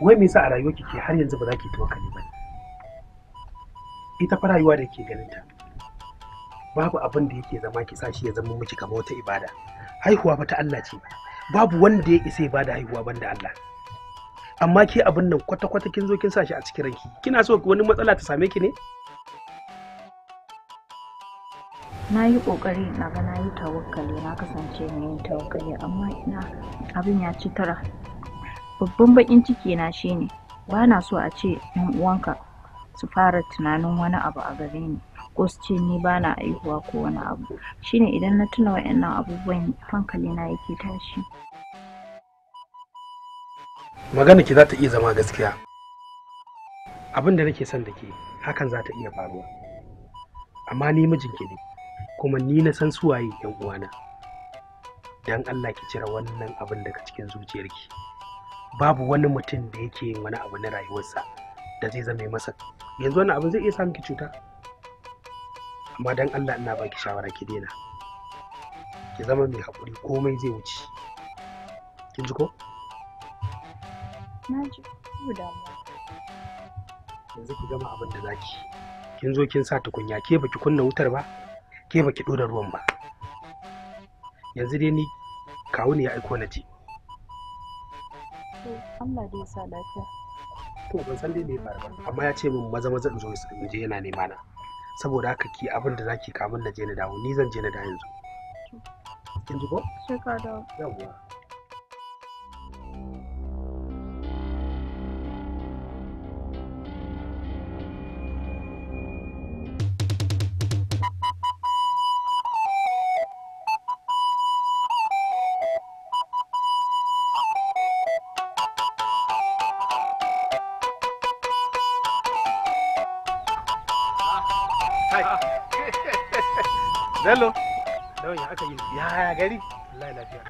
wai me yasa a rayuwar ki har yanzu ba za ki tawakkali ba ita fa rayuwa da ke ganin ta babu abin da yake zama ki sashi ya zama miki kamar wata ibada haihuwa ba ta Allah ce babu wanda ya isa ibada haihuwa banda Allah amma ke abin nan kwata-kwata kin zo kin sashi a cikin ranki kina so wani matsala ta same ki ne na yi kokari na ga na yi tawakkali na kasance mai tawakkali amma ina abin ya ci tara Babban baƙin ciki na shine ba na so a ce 'yan uwanka su fara tunanin wani abu a gare ni ko su ce ni ba na aihuwa ko wani abu shine idan na tuna wa'annan abubuwan hankali na yake tashi magana ki zata iya zama gaskiya abin da nake son da ke hakan za ta iya faruwa amma ni mijinki ne kuma ni na san suwaye yan uwana dan Allah ki cire wannan abin daga cikin zuciyarki babu wani mutum da yake yin wani abu na rayuwarsa da zai zama masa yanzu wani abu zai iya samun ki cuta amma dan Allah ina baki shawara ki daina ki zama mai haƙuri komai zai wuce kin ji ko na ji yanzu ki gama abin da zaki kin zo kin sa tukunya ke baki kunna wutar ba ke baki dora ruwan ba yanzu dai ni kawu ne ya aiko na ce Allah dai sa lafiya. To ban san dai me ya faru ba amma ya ce min maza maza in zo in je yana nema na. Saboda haka ki abin da zaki kamun na je na dawo ni zan je na da yanzu. Kin ji ko? Yawwa.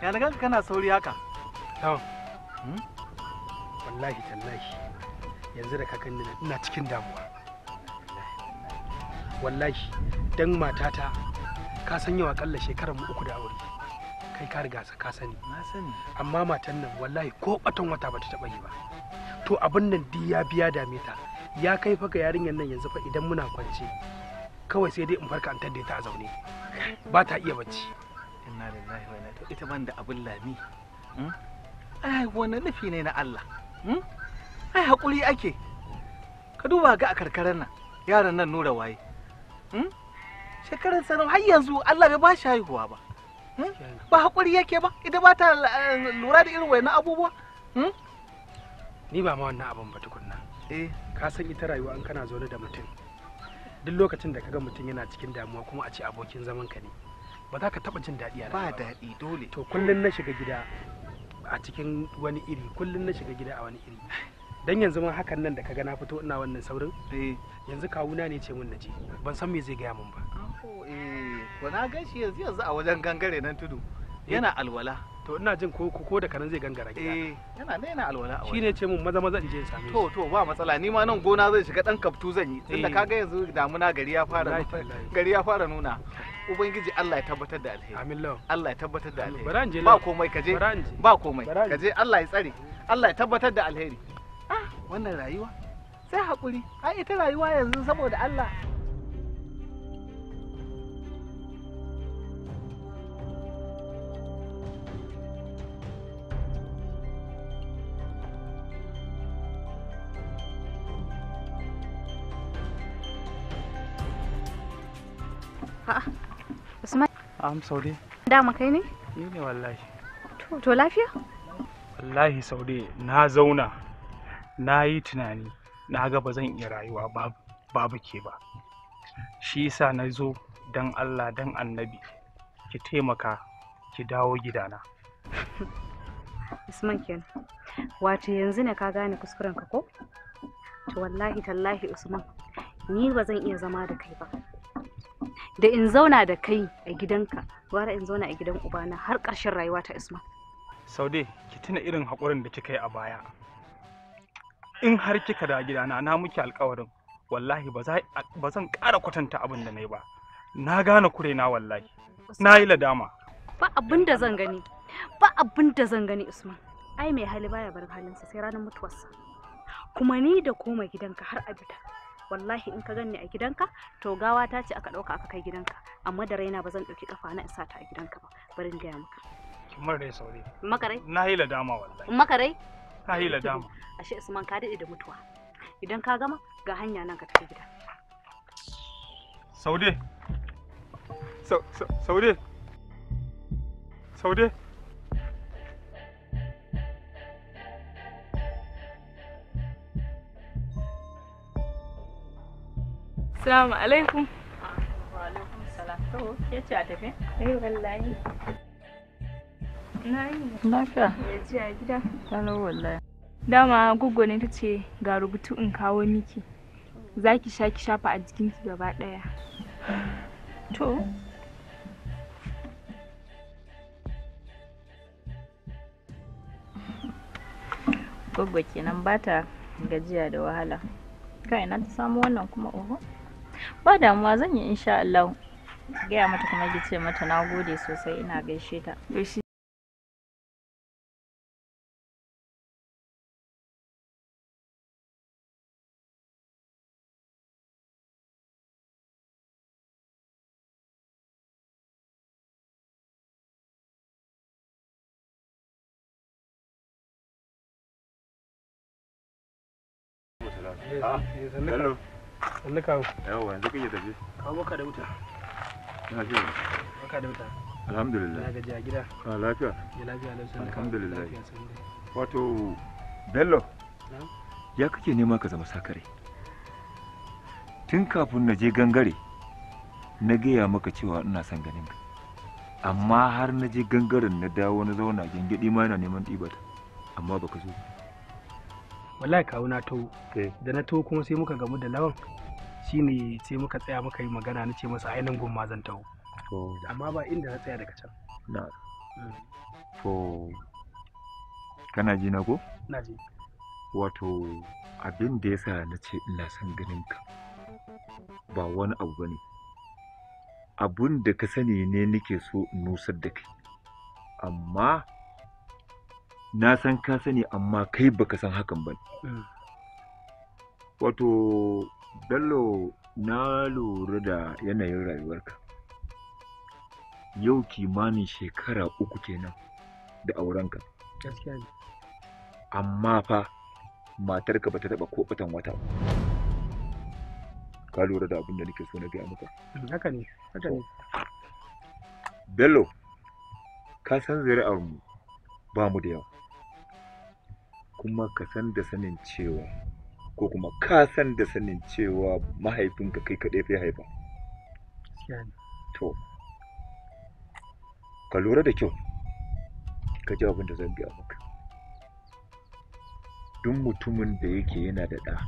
ya na kana sauri haka to hmm? wallahi tallahi yanzu da na, ina cikin damuwa wallahi dan matata ka san yawa kalla shekarar mu uku da aure kai ka riga ka sani na sani amma matan nan wallahi ko batan wata bata taba yi ba to abin nan di ya biya dame ta ya kai fa ga yarinyar nan yanzu fa idan muna kwance kawai sai dai in farka an tadde ta a zaune ba ta iya bacci inna lillahi wa inna ita ban da abin lami hmm? ai wani nufi ne na Allah hmm? ai hakuri ake ka duba ga a karkarar nan yaran nan nura waye hmm? shekarar sanar har yanzu Allah bai ba shi haihuwa ba ba hakuri yake ba ita ba ta eh, lura da irin wayannan abubuwa ni ba ma wannan abin ba tukunna eh ka san ita rayuwa in kana zaune da mutum duk lokacin da kaga mutum yana cikin damuwa kuma a ce abokin zaman ka ne ba za ka taɓa jin daɗi a ba daɗi dole to kullum na shiga gida a cikin wani iri kullum na shiga gida a wani iri dan yanzu mun hakan nan da kaga na fito ina wannan saurin eh. yanzu kawuna ne ce mun naje ban san me zai gaya mun ba eh ko na gashi yanzu yanzu a wajen gangare nan tudu eh. yana alwala to ina jin ko ko da kanan zai gangara gida eh yana ne yana alwala shi ne ce mun maza maza in je in same to to ba matsala ni ma nan gona zai shiga dan kaftu zan yi tunda eh. kaga yanzu damuna gari ya fara gari ya fara nuna ubangiji Allah ya tabbatar da alheri amin law Allah ya tabbatar da alheri ba komai kaje ba komai kaje Allah ya tsare Allah ya tabbatar da alheri ah wannan rayuwa sai hakuri ai ita rayuwa yanzu saboda Allah Ha am saude dama kai ne ni ne wallahi to lafiya wallahi saude na zauna na yi tunani na ga ba zan iya rayuwa babu ke ba shi yasa na zo don allah don annabi ki taimaka ki dawo gidana usman kenan wato yanzu ne ka gane kuskuren ka ko to wallahi tallahi usman ni ba zan iya zama da kai ba da in zauna da kai a gidanka gwara in zauna a gidan ubana har ƙarshen rayuwa ta isma saude ki tuna irin haƙurin da kika yi a baya in har kika da gidana na muke alƙawarin wallahi ba zan ƙara kwatanta abin da na yi ba na gane kure na wallahi na yi ladama ba abin da zan gani ba abin da zan gani usman ai mai hali baya bar halinsa sai ranar mutuwarsa kuma ni da koma gidanka har abita wallahi in ka ganni a gidanka to gawa ta ce aka ɗauka aka kai gidanka amma da raina ba zan ɗauki kafa na in sa ta a gidanka ba barin gaya maka mare saurayi makarai na hila dama wallahi makarai na hila dama ashe usman ka daɗe da mutuwa idan ka gama ga hanya nan ka tafi gida saude saude saude Assalamu alaikum. Wa alaikum salam. To, ke ci a tafi? Eh wallahi. Na yi. Lafiya. Ya ce a gida. Hello wallahi. Dama goggo ne ta ce ga rubutu in kawo miki. Za ki sha ki shafa a jikinki gaba ɗaya. To, goggo kenan ba ta gajiya da wahala kai na ta samu wannan kuma oho ba damuwa zan yi insha Allah gaya mata kuma ki ce mata na gode sosai ina gaishe ta Hello. Allah kawo. Yawa yanzu kake tafi. Kawo baka da wuta. Ina ce. Baka da wuta. Alhamdulillah. Ya gaji a gida. A lafiya. Ya lafiya lau sannu kawo. Alhamdulillah. Wato Bello. Ya kake nema ka zama sakare. Tun kafin na je gangare na gaya maka cewa ina son ganin ka. Amma har na je gangaren na dawo na zauna gyangyaɗi ma yana neman ɗibata. Amma baka zo ba. wallahi kawo na to eh. da na to kuma sai muka gamu da lawan shine sai muka tsaya muka yi magana na ce masa ainihin gumma zan taho amma ba inda na tsaya daga can mm. to kana ji na ko na ji wato abin da yasa na ce ina son ganin ka ba wani abu bane abun da ka sani ne nake so in nusar da kai amma na san ka sani amma kai baka san hakan ba mm. wato dallo na lura da yanayin rayuwarka yau kimanin shekara uku kenan da aurenka amma fa matarka ba ta taba ko batan wata ka lura da abin da nake so na gaya maka mm, haka ne haka ne bello ka san zuri'ar mu ba mu da yawa kuma ka san da sanin cewa ko kuma ka san da sanin cewa mahaifinka kai kaɗai zai haifa to ka lura da kyau ka ji abin da zan biya maka duk mutumin da yake yana da ɗa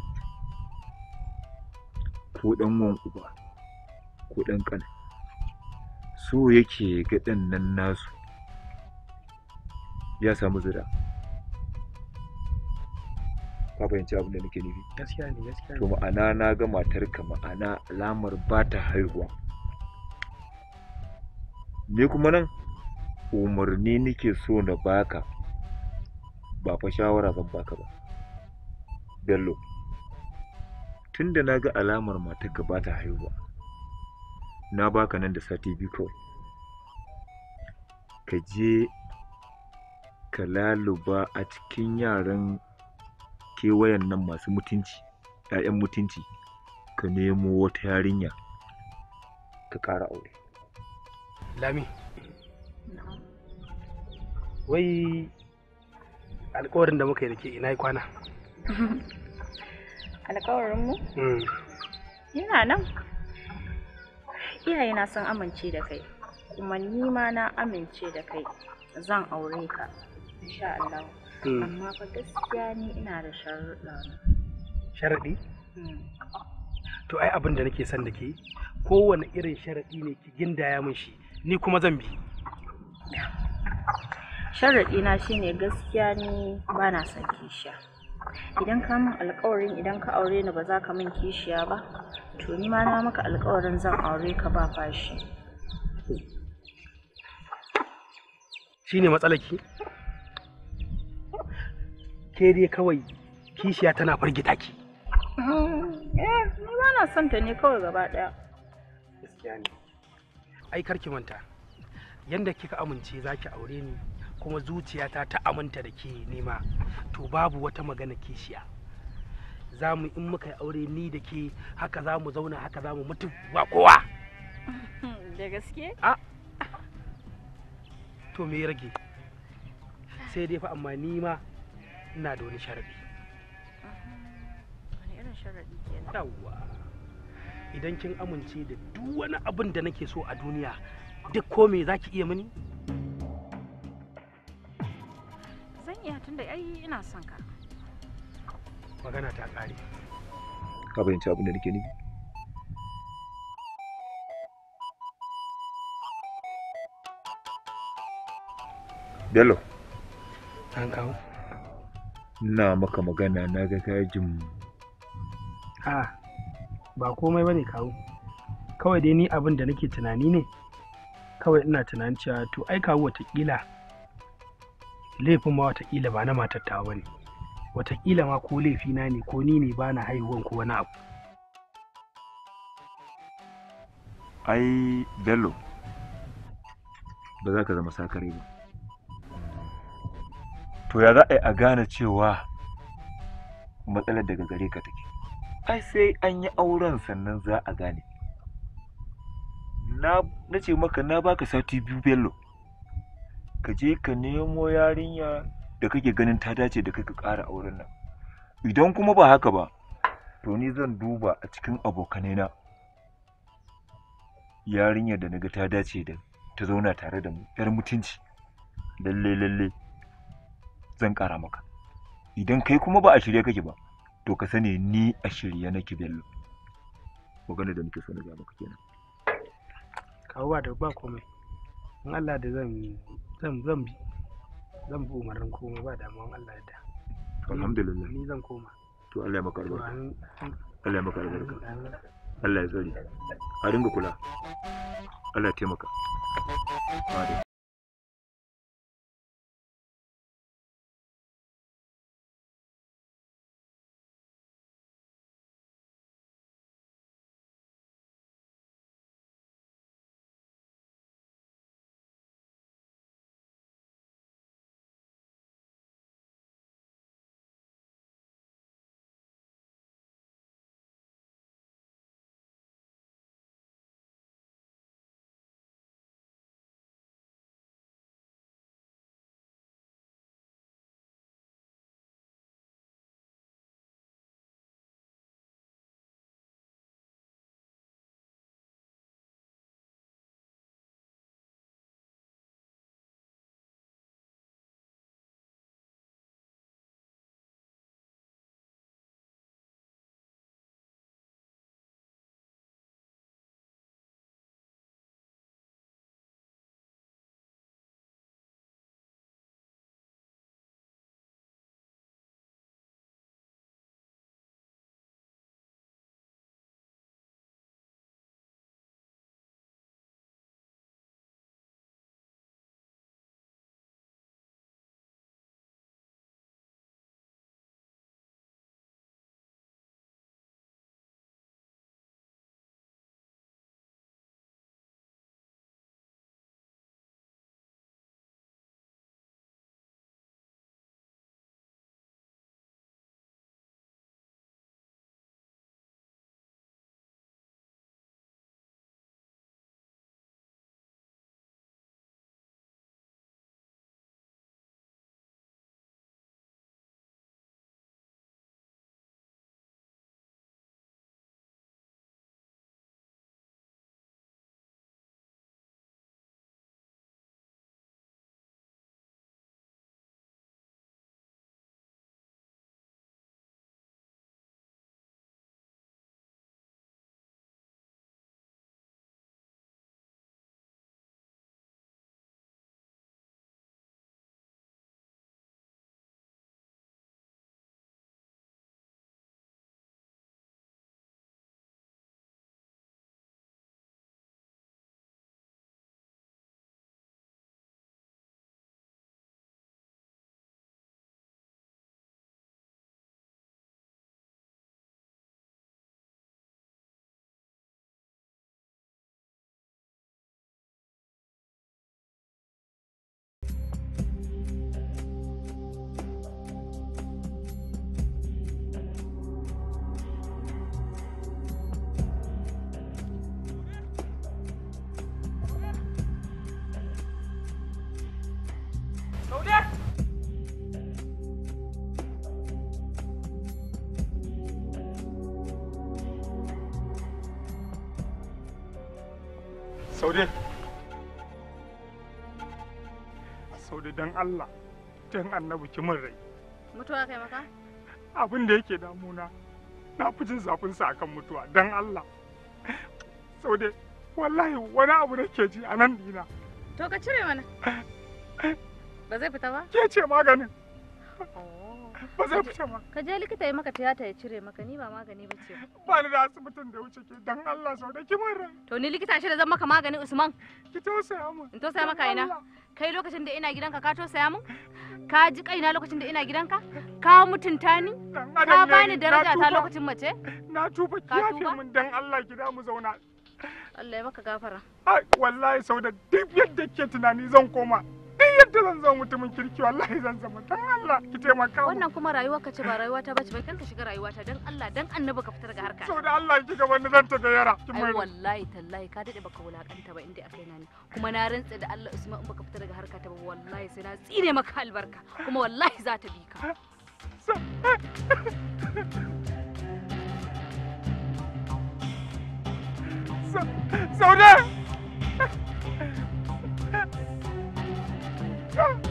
ko ɗan uwan uba ko ɗan ƙana so yake ga ɗan nan nasu ya samu zira ka fahimci abin da nake nufi gaskiya ne gaskiya to ma'ana na ga ka ma'ana alamar ba ta haihuwa ni kuma nan umarni nake so na baka ba fa shawara zan baka ba bello tunda na ga alamar ka ba ta haihuwa na baka nan da sati biyu kawai ka je ka laluba a cikin yaran kewayen nan masu mutunci ‘ya'yan mutunci ka nemo wata yarinya ka ƙara aure lami wai alkawarin da muka yi da ke ina yi kwana alkawarinmu yana mm. nan iyaye na sun amince da kai kuma ni ma na amince da kai zan aure ka insha Allah Hmm. amma fa gaskiya ni ina da sharuɗa sharaɗi hmm. to ai abin da nake son da ke kowane irin sharaɗi ne ki gindaya min shi ni kuma zan bi sharaɗi na shine gaskiya ni ba na son kishiya idan ka min alƙawarin idan ka aure ni ba za ka min kishiya ba to ni ma na maka alƙawarin zan aure ka ba fashi shine matsalaki ke kawai kishiya tana firgita ki eh, eh ni ba na son ta ne kawai gaba daya gaskiya ne ai karki manta yanda kika amince zaki aure ni kuma zuciyata ta aminta da ke nema to babu wata magana kishiya za mu in muka yi aure ni da ke haka za mu zauna haka za mu mutu ba kowa da gaske a ah. to me rage sai dai fa amma ni ma ina da wani sharaɗi wani irin sharaɗi kenan yawwa idan kin amince da duk wani abin da nake so a duniya duk ko me zaki iya mini zan iya tunda ai ina son ka magana ta ƙare ka fahimci abin da nake nufi Bello. Thank you. ina maka magana na ga kajin a ba komai ba ne kawo kawai dai ni abin da nake tunani ne kawai ina tunanin cewa to ai kawo watakila laifin ma watakila ba na matar ta bane watakila ma ko laifi na ne ko ni ne ba na haihuwan ko wani abu ai bello ba za ka zama sakare ba to ya za a yi a gane cewa matsalar daga gare ka take ai sai an yi auren sannan za a gane na ce maka na baka sati biyu bello ka je ka nemo yarinya da kake ganin ta dace da kake ƙara auren nan idan kuma ba haka ba to ni zan duba a cikin abokanai na yarinyar da naga ta dace da ta zauna tare da mu yar mutunci lalle lalle zan ƙara maka idan kai kuma ba a shirye kake ba to ka sani ni a shirye nake bello magana da nake so na maka kenan kawo ba da ba komai in Allah da zan zan zan bi zan bi umarnin komai ba damuwa in Allah da alhamdulillah ni zan koma to Allah ya maka albarka Allah ya maka albarka Allah ya tsare a ringa kula Allah ya taimaka saude saude don allah don annabi ki min rai mutuwa kai maka abin da yake damuna na fi jin zafin sa akan mutuwa don allah saude wallahi wani abu da ke ji a nan dina to ka cire mana ba zai fita ba ke ce maganin ba zai fice ba ka je likita ya maka tiyata ya cire maka ni ba magani ba ce ba ni da asibitin da wuce ke dan Allah sau da kimar rai to ni likita shi da zan maka magani Usman ki to saya mu in saya maka ina kai lokacin da ina gidanka ka to saya mun ka ji kaina lokacin da ina gidanka ka mutunta ni ka bani daraja ta lokacin mace na tuba kiyafe mun dan Allah ki da mu zauna Allah ya maka gafara Ai, wallahi sau da duk yadda ke tunani zan koma duk yadda zan zama mutumin kirki wallahi zan zama dan Allah ki taimaka wannan kuma rayuwa ka ce ba rayuwa ta bace bai kanka shiga rayuwa ta dan Allah dan annabi ka fitar ga harka to da Allah ki ga zan ta gayyara ai wallahi tallahi ka dade baka wulakanta ba inda akai nani kuma na rantsa da Allah Usman in baka fitar ga harka ta ba wallahi sai na tsine maka albarka kuma wallahi za ta bi ka Saude! Ha ha ha!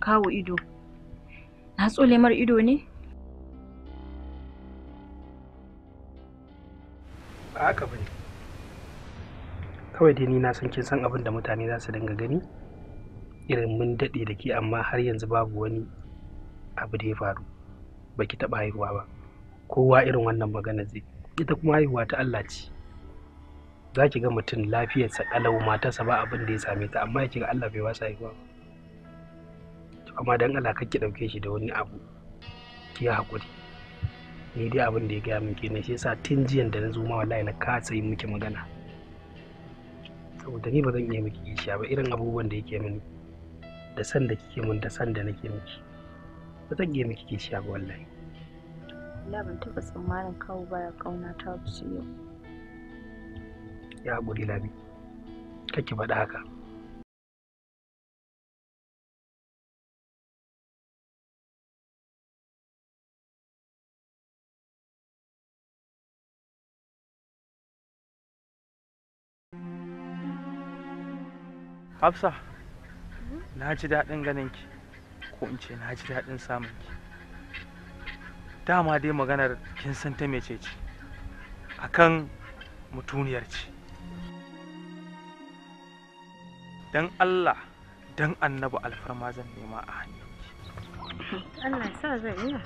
kawo ido na tsole mar ido ne ba haka bane kawai dai ni na san kin san abin da mutane za su dinga gani irin mun daɗe da ke amma har yanzu babu wani abu da ya faru baki taɓa haihuwa ba kowa irin wannan magana zai ita kuma haihuwa ta Allah ce za ki ga mutum lafiyarsa ƙalau matarsa ba abin da ya same ta amma ya ga Allah bai wasa haihuwa ba amma dan Allah kake dauke shi da wani abu ki ya hakuri ni dai abin da ya gaya min kenan shi yasa tun jiyan da na zo ma wallahi na kasa yi miki magana saboda ni ba zan iya miki kishiya ba irin abubuwan da yake mini da san da kike min da san da nake miki ba zan iya miki kishiya ba wallahi Allah ban taɓa tsammanin kawo baya kauna ta su yau ya haƙuri labi kake faɗa haka Hafsa, mhm. na ji daɗin ganin ki, ko in ce na ji daɗin samun ki. Dama dai maganar kin san ta mece ce, akan mutuniyar ce. Dan Allah, dan annabi alfarma zan nema a hannu. Allah sa zai iya.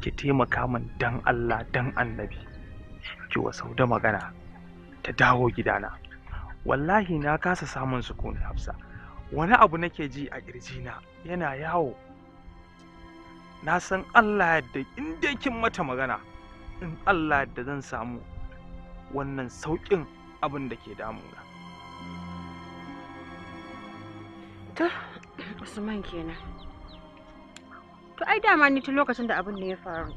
Ki taimaka min dan Allah dan annabi. Ki wasau da magana ta dawo gidana. wallahi na kasa samun sukun hafsa wani abu nake ji a na yana yawo na san allah yadda inda dai kin mata magana in allah yadda zan samu wannan sauƙin abin da ke damuna to usman kenan to ai dama ni tun lokacin da abin da ya faru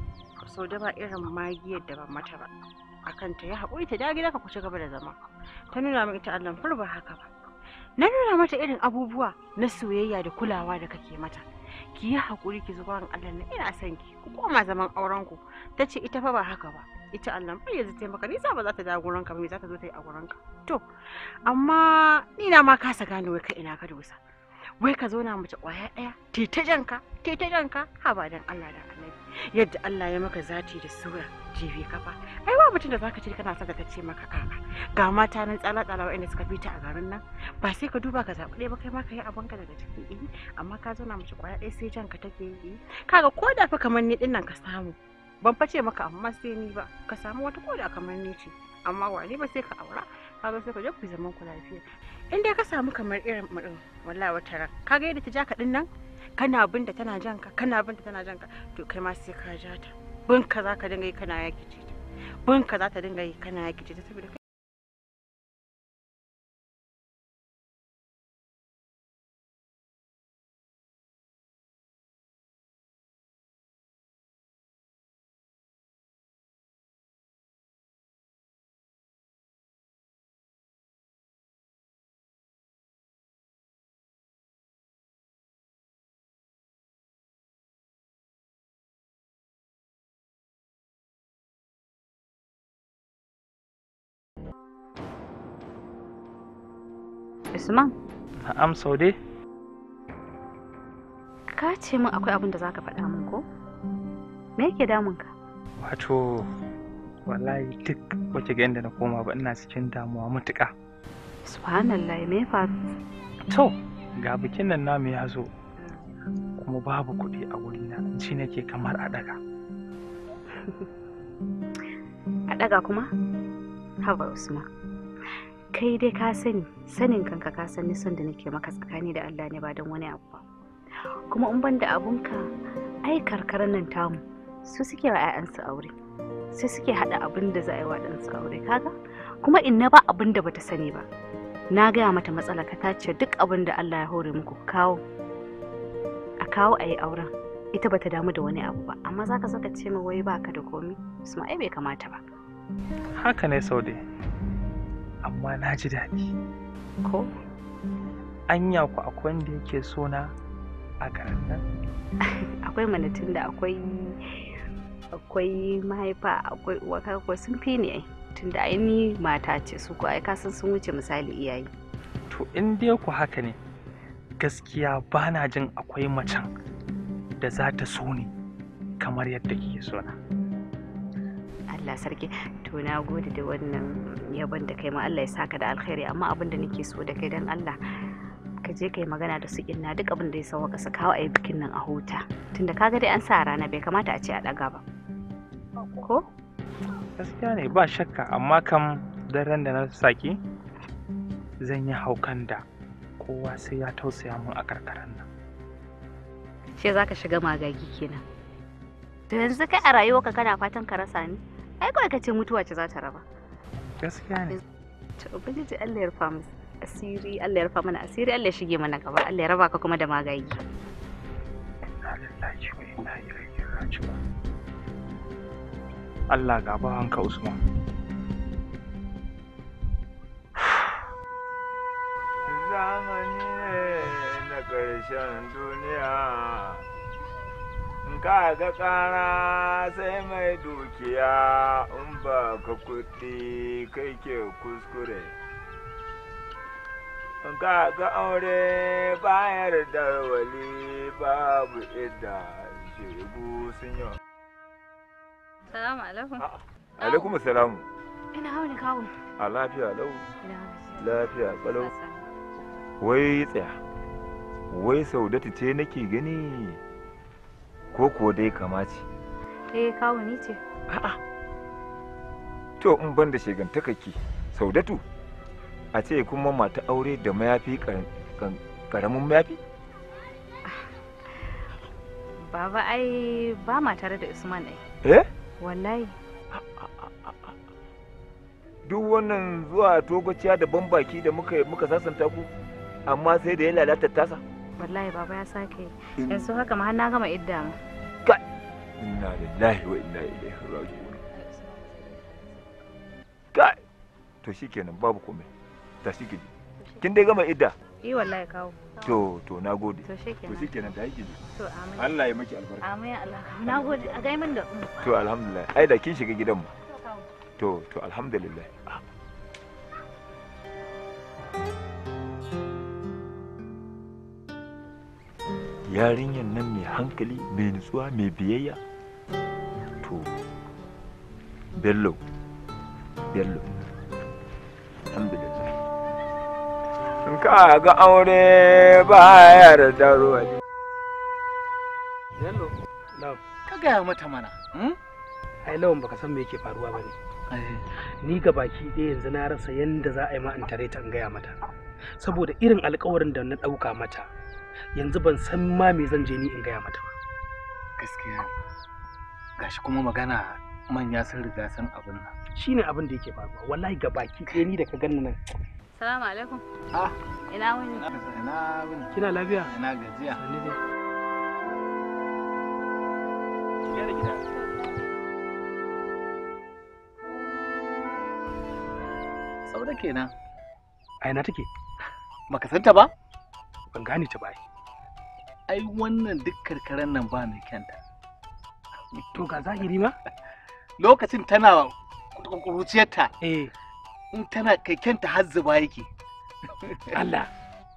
sau da ba irin magiyar da ban mata ba a kanta ya haƙuri ta da gida ku ci gaba da zama ta nuna min ita allan fur ba haka ba na nuna mata irin abubuwa na soyayya da kulawa da kake mata ki yi haƙuri ki zuba ran allah na ina son ki ku koma zaman auren ku ta ce ita fa ba haka ba ita allah fa yanzu ta maka nisa ba za ta da gurin ka ba me za ta zo ta yi a gurin ka to amma ni na ma kasa gane wai ka ina ka dosa wai ka zo na mace ƙwaya ɗaya te ta janka te ta janka ha dan allah da yadda Allah ya maka zati da sura jibi kafa ai ba mutum da zaka ce kana son ka ce maka a ga mata nan tsala tsala wanda suka fita a garin nan ba sai ka duba ka zaɓi dai ba kai ma ka yi abin ka daga ciki eh amma ka zauna mace kwaya ɗaya sai jan ka take yi kaga ko da fa kamar ni nan ka samu ban face maka amma sai ni ba ka samu wata da kamar ni ce amma wani ba sai ka aura kaga sai ka je ku zaman ku lafiya in dai ka samu kamar irin mu wallahi wata ran kaga yadda ta ja ka din nan kana da tana jan ka kana da tana jan ka to kai ma sai ka ja ta binka za dinga yi kana yaki ce ta binka za ta dinga yi kana yaki ce ta saboda Usman. Na'am Saude. Ka ce min akwai abin da za ka faɗa min ko? Me yake damun ka? Wato wallahi duk wace ga inda na koma ba ina cikin damuwa matuƙa. Subhanallah me ya faru? To ga bikin nan namu ya zo kuma babu kuɗi a wuri na shi nake kamar a ɗaga. a ɗaga kuma? Haba Usman. kai dai ka sani sanin kanka ka san nisan da nake maka tsakani da Allah ne ba don wani abu ba kuma in ban da abunka ai karkarar nan tamu su suke wa 'ya'yansu aure su suke haɗa abin da za a yi wa ɗansu aure kaga kuma in na ba abin da bata sani ba na gaya mata matsala ka tace duk abin da Allah ya hore muku kawo a kawo a yi auren ita bata damu da wani abu ba amma zaka saka ce ma wai baka da komi su ai bai kamata ba haka ne saude amma na ji daɗi ko anya ku akwai wanda yake na a garin nan akwai manatin da akwai akwai mahaifa akwai uwaka ko sun fi ni tunda ai ni mata ce su ko ai kasan sun wuce misali iyaye to in dai ku haka ne gaskiya ba na jin akwai macen da za ta so ni kamar yadda kike sona. Allah sarki to na gode da wannan yabon da kai ma Allah ya saka da alkhairi amma abin da nake so da kai dan Allah ka je kai magana da su inna duk abin da ya sauka su kawo a bikin nan a huta tunda kaga dai an sa rana bai kamata a ce a daga ba ko gaskiya ne ba shakka amma kam daren da na saki zan yi haukan da kowa sai ya tausaya mun a karkaran nan ce za ka shiga magagi kenan to yanzu kai a rayuwarka kana fatan ka rasa ni ai kawai ka ce mutuwa ce za ta raba gaskiya ne to ubangiji Allah ya rufa mu asiri Allah ya rufa mana asiri Allah ya shige mana gaba Allah ya raba ka kuma da magayi inna lillahi wa inna ilaihi raji'un Allah gaba hanka Usman zamani ne na ƙarshen duniya ka ga tsara sai mai dukiya in ba ka kuɗi kai ke kuskure ka ga aure bayar da wali babu idda shegu sun yi salamu alaikum ah, alaikum salamu ina hauni kawo a lafiya lau lafiya kalau wai tsaya wai saudatu ce nake gani ko kuwa dai kamace eh kawo ni ce a'a to in ban da shegantakaki saudatu a ce kuma mata aure da mayafi karamin mayafi baba ai ba ma tare da usman ai eh wallahi duk wannan zuwa togaciya da banbaki da muka muka sasanta ku amma sai da ya lalata tasa wallahi baba ya sake hmm. yanzu haka ma har na gama idda ma inna lillahi wa inna ilaihi raji'un kai to shikenan babu komai ta shike kin dai gama idda eh wallahi kawo to to nagode to shikenan to shikenan ta yake to amin Allah ya miki albarka amin Allah nagode a gaimin da to alhamdulillah ai da kin shiga gidan mu to to alhamdulillah Thank ah. you. yarinyar nan mai hankali mai nutsuwa mai biyayya to bello bello alhamdulillah ka ga aure bayar da ruwa bello ka gaya mata mana hmm? ai lawan baka san me yake faruwa ba ne eh. ni ga baki ɗaya yanzu na rasa yadda za a yi ma'antare ta in gaya mata saboda irin alkawarin da na ɗauka mata yanzu ban san ma me zan je ni in gaya mata ba gaskiya gashi kuma magana manya sun riga san abin nan shine abin da yake faruwa wallahi ga baki ɗaya ni da ka ganni nan salamu alaikum ah ina wuni ina wuni kina lafiya ina gajiya ni dai gyara gida saboda kenan a ina take baka santa ba ban gane ta bai ai wannan duk karkaran nan ba mai kyanta to ga zahiri ma lokacin tana kuruciyarta eh in tana kai kyanta har zuba yake Allah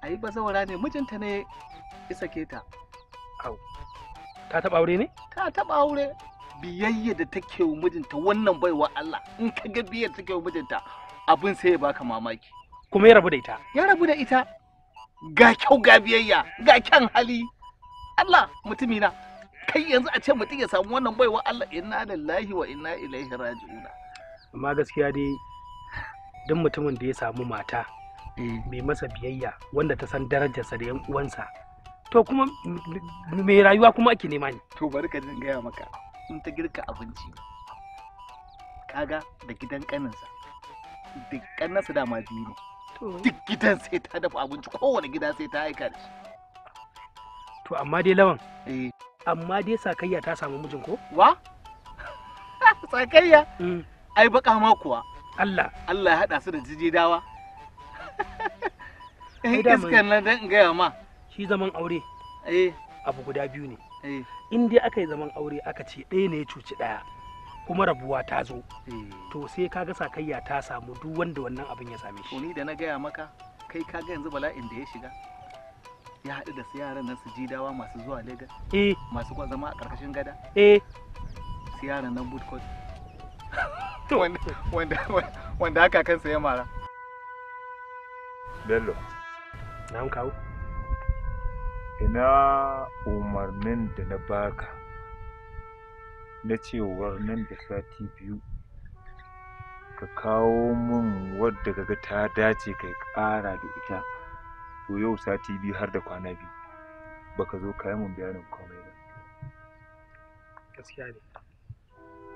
ai ba zawara ne mijinta ne isa ke ta au ta taba aure ne ta taba aure biyayya da take wa mijinta wannan baiwa Allah in ka ga biyayya take wa mijinta abin sai ya baka mamaki kuma ya rabu da ita ya rabu da ita ga kyau ga biyayya ga kyan hali Allah mutumina kai yanzu a ce mutum ya samu wannan baiwa Allah inna lillahi wa inna ilaihi raji'un amma gaskiya dai duk mutumin da ya samu mata eh. mai masa biyayya wanda ta san darajarsa da yan uwansa to kuma mai rayuwa kuma ake nema ni. to bari ka gaya maka in ta girka abinci kaga da gidan kaninsa da kannansa dama biyu ne duk gidan sai ta dafa abinci kowane gida sai ta aika da shi to amma dai lawan eh. amma dai sakayya ta samu mijin ko wa sakayya mm. ai baka ma kuwa Allah Allah ya hada su da jiji dawa eh iskan nan dan gaya ma shi zaman aure eh abu guda biyu ne eh. in dai aka yi zaman aure aka ce ɗaya ne ya cuci ɗaya kuma rabuwa ta zo hmm. to sai ka ga sakayya ta samu duk wanda wannan abin ya same shi ni da na gaya maka kai kaga yanzu bala'in da ya shiga ya haɗu da su yaran nan su ji dawa masu zuwa Lagos eh masu kwa zama a ƙarƙashin gada eh su yaran nan boot court wanda wanda haka kansa ya mara Bello na kawo ina umarnin da na baka na cewar nan da sati biyu ka kawo min wadda kaga ta dace kai ƙara da ita to yau sati biyu har da kwana biyu baka zo ka yi min bayanin komai ba gaskiya ne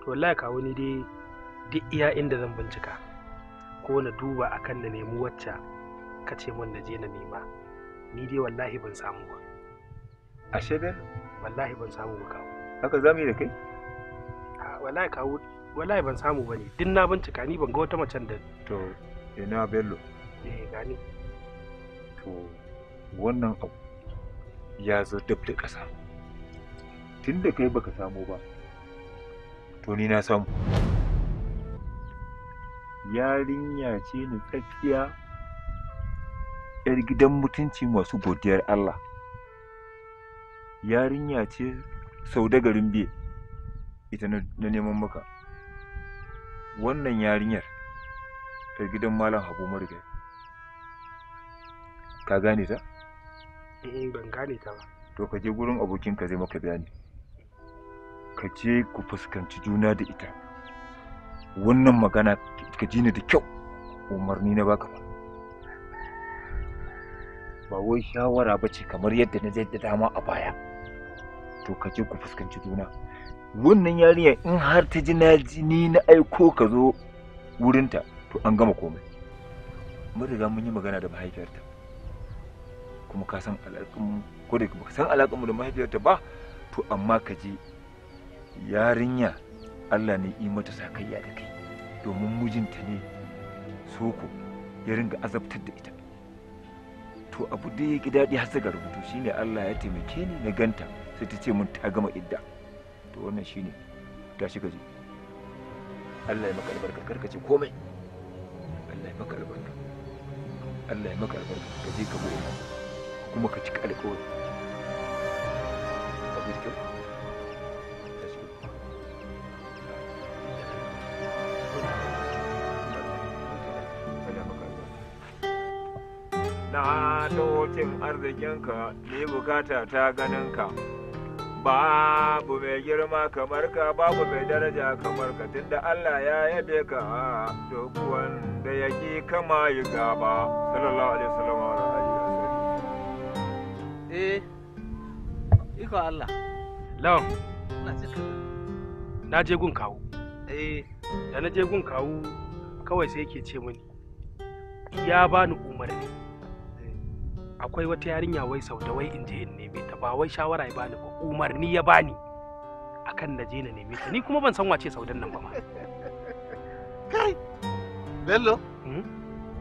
to wallahi kawo ni dai duk iya inda zan bincika ko na duba akan na nemi wacce ka ce min na je na nema ni dai wallahi ban samu ba ashe dai wallahi ban samu ba kawo haka zamu yi da kai wallahi kawo wallahi ban samu bane duk na bincika ni ban ga wata macen da to ina bello eh gani to wannan abu ya zo dab da kasa. tun da kai baka samu ba to ni na samu yarinya ce ni tsakiya yar gidan mutunci masu godiyar Allah yarinya ce sau da garin biye ita na neman maka wannan yarinyar ta gidan malam habu marigai ka gane ta? Eh, ban gane ta ba to ka je gurin ka zai maka bayani ka je ku fuskanci juna da ita wannan magana ka ji ni da kyau umarni na baka ba ba wai shawara ba ce kamar yadda na jaddada dama a baya to ka je ku fuskanci juna wannan yarinya in har ta ji naji ni na aiko ka zo wurinta to an gama komai mun riga mun yi magana da mahaifiyarta kuma ka san alaƙin ko da ba san alaƙin mu da mahaifiyarta ba to amma ka ji yarinya Allah ne yi mata sakayya da kai domin mijinta ne soko ya ringa azabtar da ita to abu da ya ki daɗi har suka rubutu shine Allah ya taimake ni na ganta sai ta ce mun ta gama idda to wannan shine tashi ka ji. Allah ya maka albarka karka ce komai Allah ya maka albarka Allah ya maka albarka ka je ka goyi kuma ka cika alƙawari ka ji kyau na dokin arzikinka ne bukata ta ganinka babu mai girma kamar ka babu mai daraja kamar ka tunda Allah ya yabe ka duk wanda ya ki kama yi gaba sallallahu alaihi wasallam wa alihi eh iko Allah law na je gun kawo eh da na je gun kawo kawai sai yake ce mini ya bani umarni akwai wata yarinya wai sau da wai in je in neme ta ba wai shawara ya bani ba umarni ya bani akan na je na neme ta ni kuma ban san wace saudan nan ba ma kai bello hmm?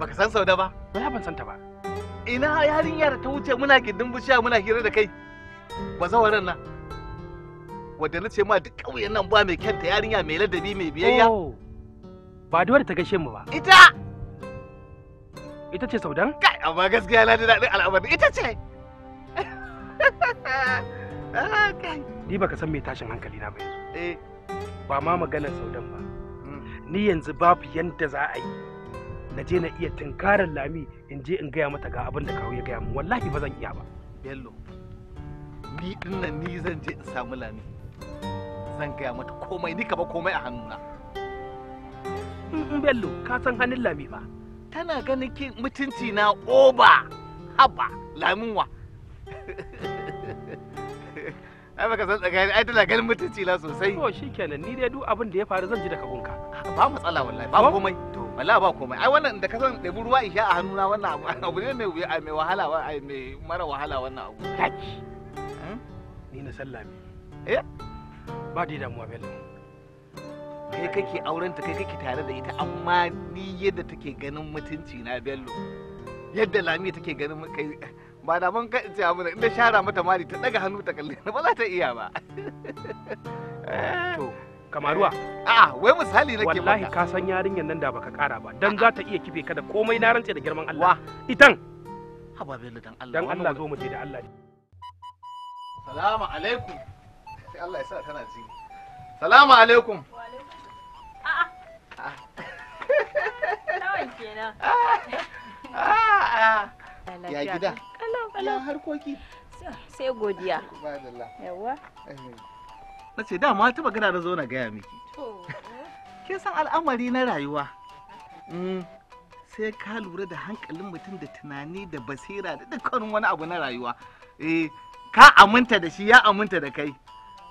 baka san sauda ba ba ban san ta ba ina yarinya da ta wuce muna gindin bushiya muna hira da kai ba zawaran nan wadda na ce ma duk ƙauyen nan ba mai kyanta yarinya mai ladabi mai biyayya oh! ba dole ta gashe mu ba ita ita ce saudan kai amma gaskiya na da daɗin al'amarin ita ce Ni baka san me tashin hankali na ba yanzu. Eh. Ba ma maganar saudan ba. Hmm. Ni yanzu babu yanda za a yi. Na je na iya tunkarar lami in je in gaya mata ga abin da kawo ya gaya min wallahi ba zan iya ba. Bello. Ni dinnan ni zan je in samu lami. Zan gaya mata komai ni kaba komai a hannuna. Mm, Bello ka san hannun lami ba. Tana ganin mutunci na oba haba laminwa. ai baka san tsakani ai tana ganin mutunci na sosai to shikenan ni dai duk abin da ya faru zan ji daga gunka ba matsala wallahi ba komai wallahi ba komai ai wannan da ka san ɗebi ruwa isha a hannuna wannan abu abu ne mai wuya mai wahala ai mai mara wahala wannan abu kaci hmm? ni na sallame eh ba dai damuwa bello kai kake auren ta kai kake tare da ita amma ni yadda take ganin mutunci na bello yadda lami take ganin kai ba da mun kai ce abu da shara mata mari ta daga hannu ta kalle ba za ta iya ba to kamaruwa a wai misali nake wallahi ka san yarinyar nan da baka kara ba dan za ta iya kife ka da komai na rantse da girman Allah itan haba bello dan Allah dan Allah zo mu je da Allah salamu alaikum sai Allah ya sa tana ji salamu alaikum a'a ah. kenan ah. Ah. ya gida kalau kalau harkoki sai godiya yawa na ce dama ta magana na zo na gaya miki kin san al'amari na rayuwa mm. sai ka lura da hankalin mutum da tunani da basira da dukkan wani abu na rayuwa eh ka aminta da shi ya aminta da kai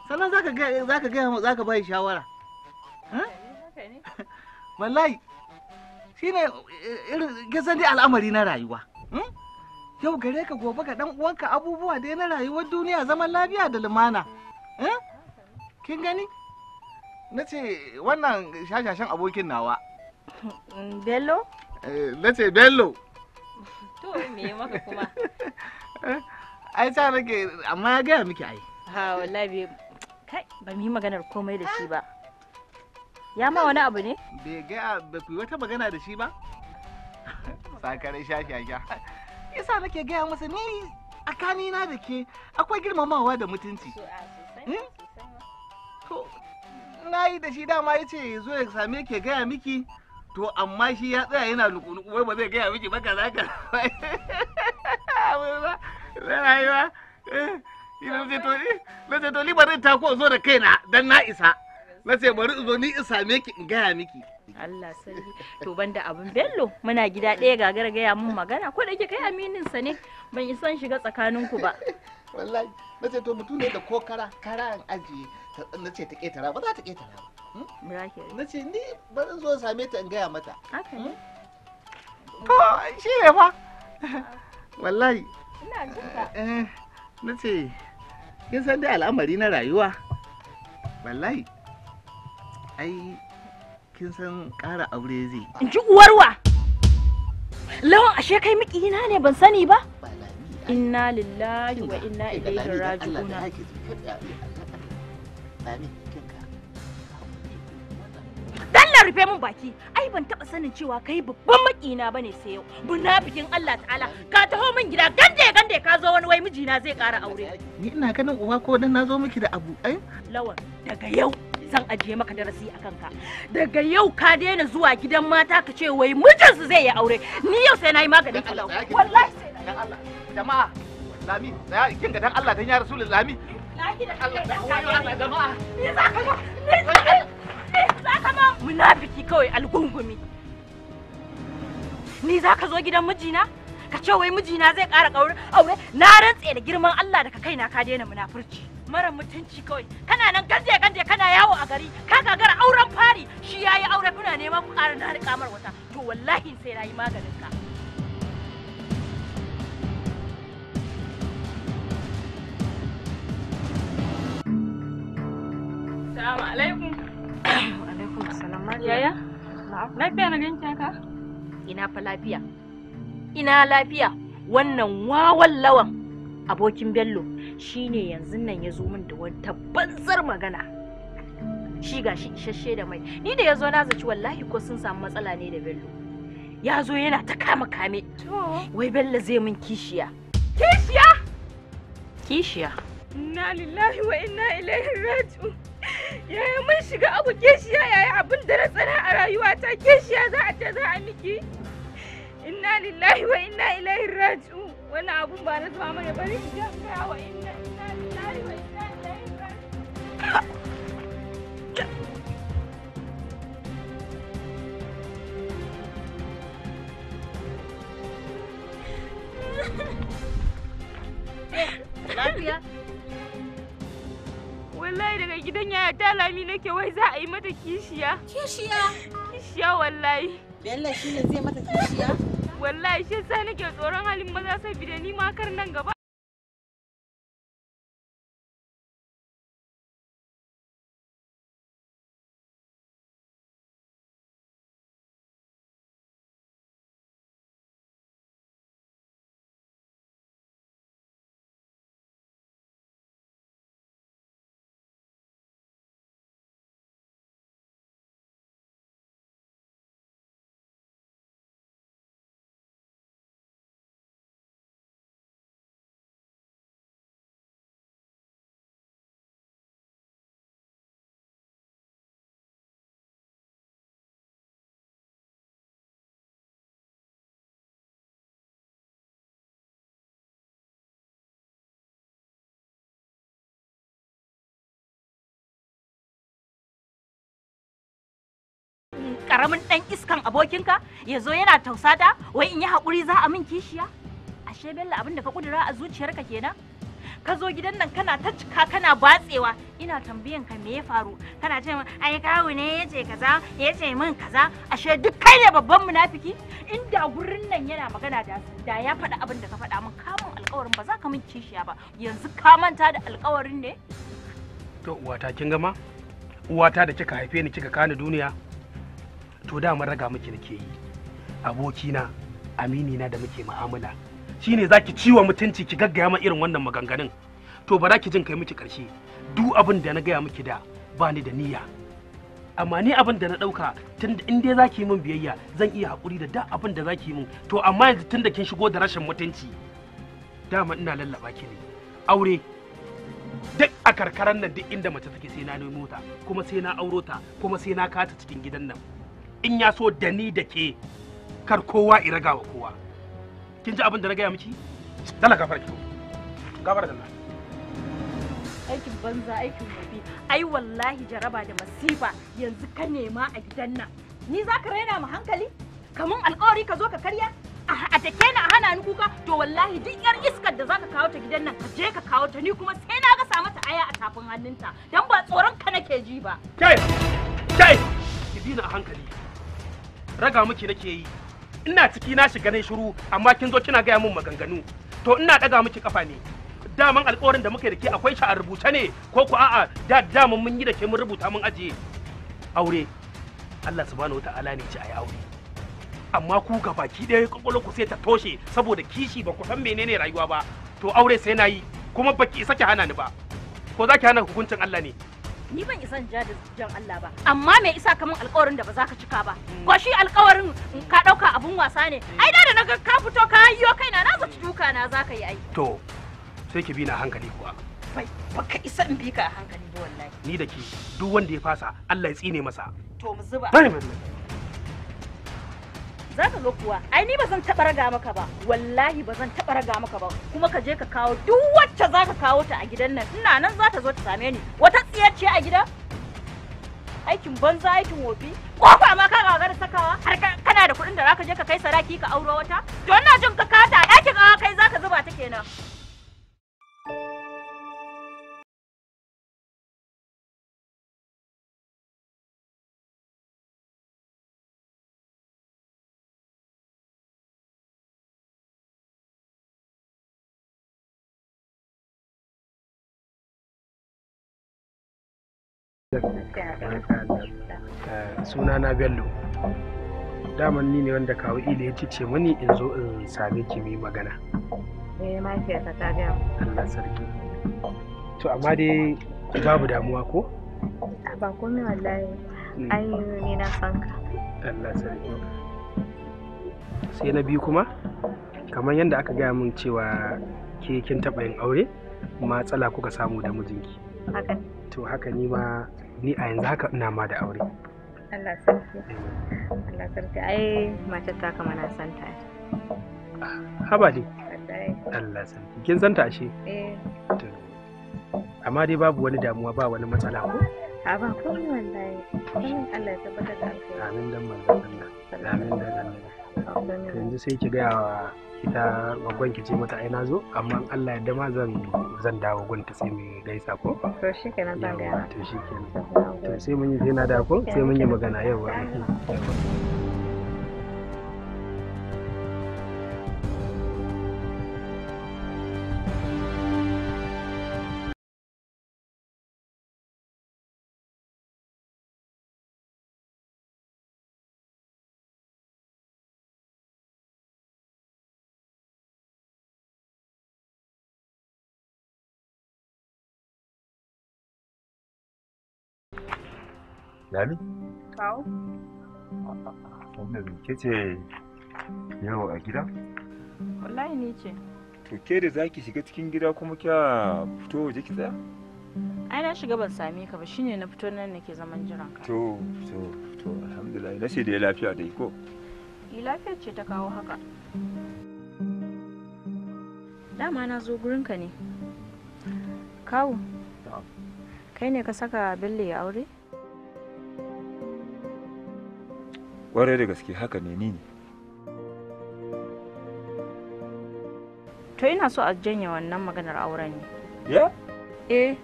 sannan zaka ga zaka ga zaka bai shawara wallahi shine eh, irin gasan dai al'amari na rayuwa hmm? yau gare ka gobe ga dan uwanka abubuwa dai na rayuwar duniya zaman lafiya da lumana eh? kin gani na ce wannan shashashen abokin nawa bello eh, na ce bello to me maka kuma eh, ai ta nake amma ya gaya miki ai ha wallahi kai ba mu yi maganar komai da shi ba ya ma wani abu ne bai gaya ba ku yi wata magana da shi ba sakarai shashasha isa nake gaya masa ni a kanina da ke akwai girmamawa da mutunci hmm? na yi da shi dama ya ce zo ya same ke gaya miki to amma shi ya tsaya yana lukunuku wai ba zai gaya miki baka kaza ka rayuwa eh, na ce to ni bari ta ko zo da kaina dan na isa na ce bari zo ni in same ki in gaya miki Allah sarki to banda abin bello muna gida ɗaya gagar gaya mun magana ko da ke kai aminin sa ne ban isan shiga tsakanin ku ba wallahi na ce to mutum ne da ko kara an ajiye na ce ta ketara ba za ta ketara ba hmm? na ce ni ba zan zo same ta in gaya mata haka ne ko hmm? shi ne fa wallahi ina jinka eh, na ce kin san dai al'amari na rayuwa wallahi ai kin san ƙara aure zai in ji uwarwa lawan ashe kai mikina ne ban sani ba inna lillahi wa inna ilaihi raji'una Dalla rufe min baki, ai ban taba sanin cewa kai babban makina bane sai yau. Munafikin Allah ta'ala, ka taho min gida gande gande ka zo wani wai mijina zai ƙara aure. Ni ina ganin uwa ko dan na zo miki da abu Lawan daga yau zan ajiye maka darasi a kanka daga yau ka daina zuwa gidan mata ka ce wai mijinsu zai yi aure ni yau sai na yi maganin kalau wallahi sai na Allah jama'a lami tsaya kin ga dan Allah dan ya rasulul lami Allah jama'a ni za ka ma ni za ka ma munafiki kawai algungumi ni za ka zo gidan mijina ka ce wai mijina zai ƙara aure na rantse da girman Allah da ka kaina ka daina munafurci mara mutunci kawai kana nan ganje ganje kana yawo a gari ka gagara auren fari shi yayi aure kuna neman ku ƙara na kamar wata to wallahi sai rayi yi maganin ka Assalamu alaikum. alaikum assalam. Yaya? Lafiya na ganki ka? Ina fa lafiya. Ina lafiya. Wannan wawan lawan abokin Bello shine yanzu nan ya zo min da wata banzar magana shi gashi isasshe da mai ni da ya zo na zaci wallahi ko sun samu matsala ne da bello ya zo yana ta kama kame wai bello zai min kishiya kishiya kishiya inna lillahi wa inna ilaihi raji'un yaya mun shiga abu kishiya? yaya abin da na tsara a rayuwata kishiya za a ce za a miki inna lillahi wa inna ilaihi raji'un wannan abun ba na zama mana bari in ga kai wa inna inna lillahi wa inna Lafiya? Wallahi daga gidan yaya ta lami nake wai za a yi mata kishiya. Kishiya? Kishiya wallahi. Bello shi ne zai mata kishiya? wallahi shi sa nake tsoron halin maza sabida ni ma kar nan gaba karamin dan iskan abokinka ya zo yana tausata wai in yi hakuri za a min kishiya ashe bello abin da ka kudura a zuciyarka kenan ka zo gidan nan kana ta cika kana batsewa ina tambayan ka me ya faru kana ce min ai kawu ne ya ce kaza ya ce min kaza ashe duk kai ne babban munafiki inda gurin nan yana magana da da ya faɗa abin da ka faɗa min kamun alƙawarin ba za ka min kishiya ba yanzu ka manta da alƙawarin ne to uwata kin gama uwata da kika haife ni kika kani duniya to dama raga miki nake yi abokina aminina da muke mu'amala shine zaki ciwa mutunci ki gaggaya ma irin wannan maganganun to ba za ki jin kai miki karshe duk abin da na gaya miki da ba ni da niyya amma ni abin da na dauka tun in dai za yi min biyayya zan iya hakuri da da abin da za min to amma yanzu tun da kin shigo da rashin mutunci dama ina lallaba ki ne aure duk a karkaran nan duk inda mace take sai na nemo ta kuma sai na auro kuma sai na kata cikin gidan nan in ya so da ni da ke kar kowa i raga kowa kin ji abin da na gaya miki dala gafar ki gafar da aikin banza aikin mafi ai wallahi jaraba da masifa yanzu ka nema a gidan nan ni za ka raina mu hankali kamun alkawari ka zo ka karya a take ni a hana ni kuka to wallahi duk yar iskar da zaka kawo ta gidan nan ka je ka kawo ta ni kuma sai na ga sa mata aya a tafin hannunta dan ba tsoron ka nake ji ba kai kai ki dina a hankali raga miki nake yi ina ciki na shiga ne shiru amma kin zo kina gaya mun maganganu to ina daga miki kafa ne daman alƙawarin da muka da ke akwai shi a rubuce ne ko ku a'a da daman mun yi da ke mun rubuta mun ajiye aure Allah subhanahu wata'ala ne ce ayi aure amma ku ga baki ɗaya kwakwalwar ku sai ta toshe saboda kishi ba ku san menene rayuwa ba to aure sai na yi kuma baki isa ki hana ni ba ko za ki hana hukuncin Allah ne ni ban isan jan Allah ba amma me isa kaman alƙawarin da ba za ka cika ba ko shi alƙawarin ka ɗauka abun wasa ne ai da na ga ka fito ka hayyo kaina na zaci duka na za ka yi ai to sai ki bi na hankali kuwa bai baka isa in bi ka a hankali ba wallahi ni da ki duk wanda ya fasa Allah ya tsine masa to mu zuba bai mu za ka zo kuwa ai ni ba zan taɓa raga maka ba wallahi ba zan taɓa raga maka ba kuma ka je ka kawo duk wacce za ka kawo ta a gidan nan ina nan za ta zo ta same ni wata ce a gida aikin banza aikin wofi kofa ma ka gagara sakawa har kana da kuɗin da za ka je ka kai saraki ka auro wata to ina jin ka kata ɗakin a kai suna na bello daman ni ne wanda kawo ile ya ce mani in zo in same ki mai magana eh ke ta ga Allah sarki to amma dai babu damuwa ko ah, ba komai wallahi hmm. ai ni na san ka Allah sarki sai na biyu kuma kamar yadda aka gaya min cewa ke kin taɓa yin aure matsala kuka samu da mijinki to haka ni ma ni a yanzu haka ina ma da aure Allah sarki Allah sarki ai mace ta kama na santa haba dai Allah sarki kin santa ashe eh amma dai babu wani damuwa ba wani matsala ko a ba komai wallahi Allah ya tabbatar da alkhairi amin dan manzon Allah amin dan Allah yanzu sai ki ga ita gwaggon ki ce mata ai na zo amma Allah ya dama zan zan dawo gun ta sai mu gaisa ko to shikenan zan ga to shikenan to sai mun yi zina da ko sai mun yi magana yau Lami? Kawo. Wannan ke ce yau a gida? Wallahi ni ce. To ke da zaki shiga cikin gida kuma kya fito waje ki tsaya? Ai na shiga ban same ka ba shine na fito nan nake zaman jiran ka. To to to alhamdulillah na ce da lafiya dai ko? Ni lafiya ce ta kawo haka. Dama na zo gurin ka ne. Kawu. Kai ne ka saka Bello ya aure? kwarai da gaske haka ne ni ne. To ina so a janye wannan maganar auren ne. Ya? Eh.